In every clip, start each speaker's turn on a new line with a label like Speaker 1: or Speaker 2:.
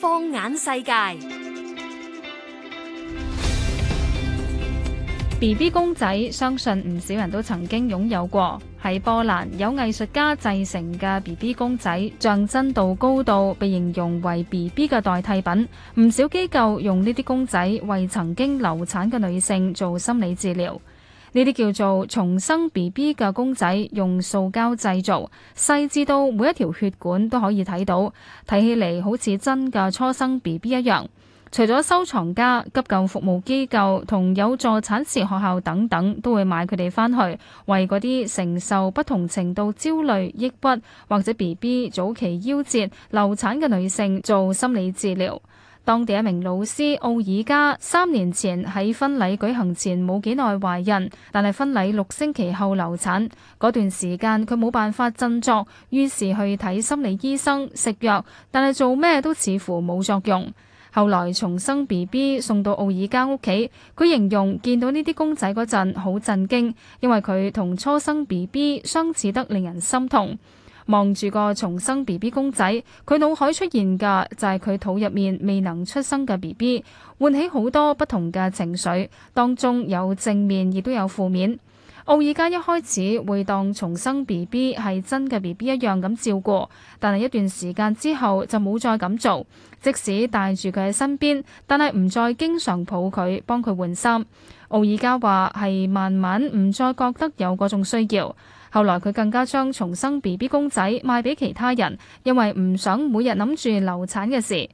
Speaker 1: 放眼世界，B B 公仔相信唔少人都曾經擁有過。喺波蘭有藝術家製成嘅 B B 公仔，像真度高度，被形容為 B B 嘅代替品。唔少機構用呢啲公仔為曾經流產嘅女性做心理治療。呢啲叫做重生 B B 嘅公仔，用塑膠製造，細緻到每一條血管都可以睇到，睇起嚟好似真嘅初生 B B 一樣。除咗收藏家、急救服務機構同有助產士學校等等，都會買佢哋返去，為嗰啲承受不同程度焦慮、抑鬱或者 B B 早期夭折、流產嘅女性做心理治療。當地一名老師奧爾加三年前喺婚禮舉行前冇幾耐懷孕，但係婚禮六星期後流產。嗰段時間佢冇辦法振作，於是去睇心理醫生食藥，但係做咩都似乎冇作用。後來重生 BB 送到奧爾加屋企，佢形容見到呢啲公仔嗰陣好震驚，因為佢同初生 BB 相似得令人心痛。望住個重生 B B 公仔，佢腦海出現嘅就係佢肚入面未能出生嘅 B B，喚起好多不同嘅情緒，當中有正面亦都有負面。奧爾加一開始會當重生 B B 係真嘅 B B 一樣咁照顧，但係一段時間之後就冇再咁做，即使帶住佢喺身邊，但係唔再經常抱佢，幫佢換衫。奧爾加話係慢慢唔再覺得有嗰種需要。後來佢更加將重生 BB 公仔賣俾其他人，因為唔想每日諗住流產嘅事。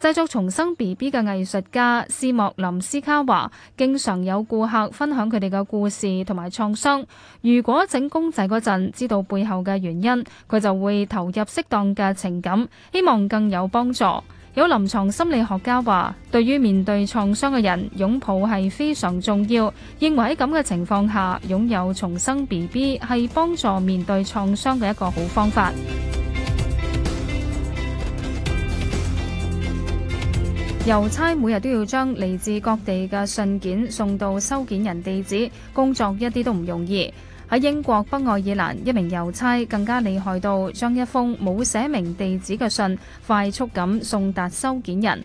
Speaker 1: 製作重生 BB 嘅藝術家斯莫林斯卡話，經常有顧客分享佢哋嘅故事同埋創傷。如果整公仔嗰陣知道背後嘅原因，佢就會投入適當嘅情感，希望更有幫助。有臨床心理學家話，對於面對創傷嘅人，擁抱係非常重要。認為喺咁嘅情況下，擁有重生 BB 係幫助面對創傷嘅一個好方法。郵差 每日都要將嚟自各地嘅信件送到收件人地址，工作一啲都唔容易。喺英國北愛爾蘭，一名郵差更加厲害到將一封冇寫明地址嘅信快速咁送達收件人。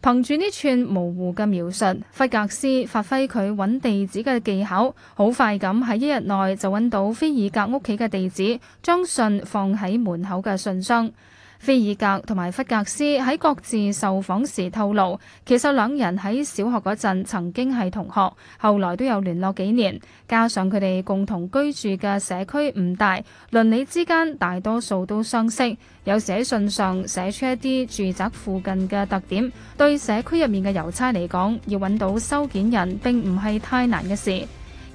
Speaker 1: 憑住呢串模糊嘅描述，弗格斯發揮佢揾地址嘅技巧，好快咁喺一日內就揾到菲爾格屋企嘅地址，將信放喺門口嘅信箱。菲爾格同埋弗格斯喺各自受訪時透露，其實兩人喺小學嗰陣曾經係同學，後來都有聯絡幾年，加上佢哋共同居住嘅社區唔大，鄰里之間大多數都相識，有時喺信上寫出一啲住宅附近嘅特點，對社區入面嘅郵差嚟講，要揾到收件人並唔係太難嘅事。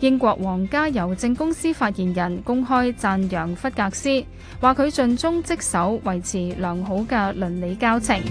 Speaker 1: 英國皇家郵政公司發言人公開讚揚弗格斯，話佢盡忠職守，維持良好嘅倫理交情。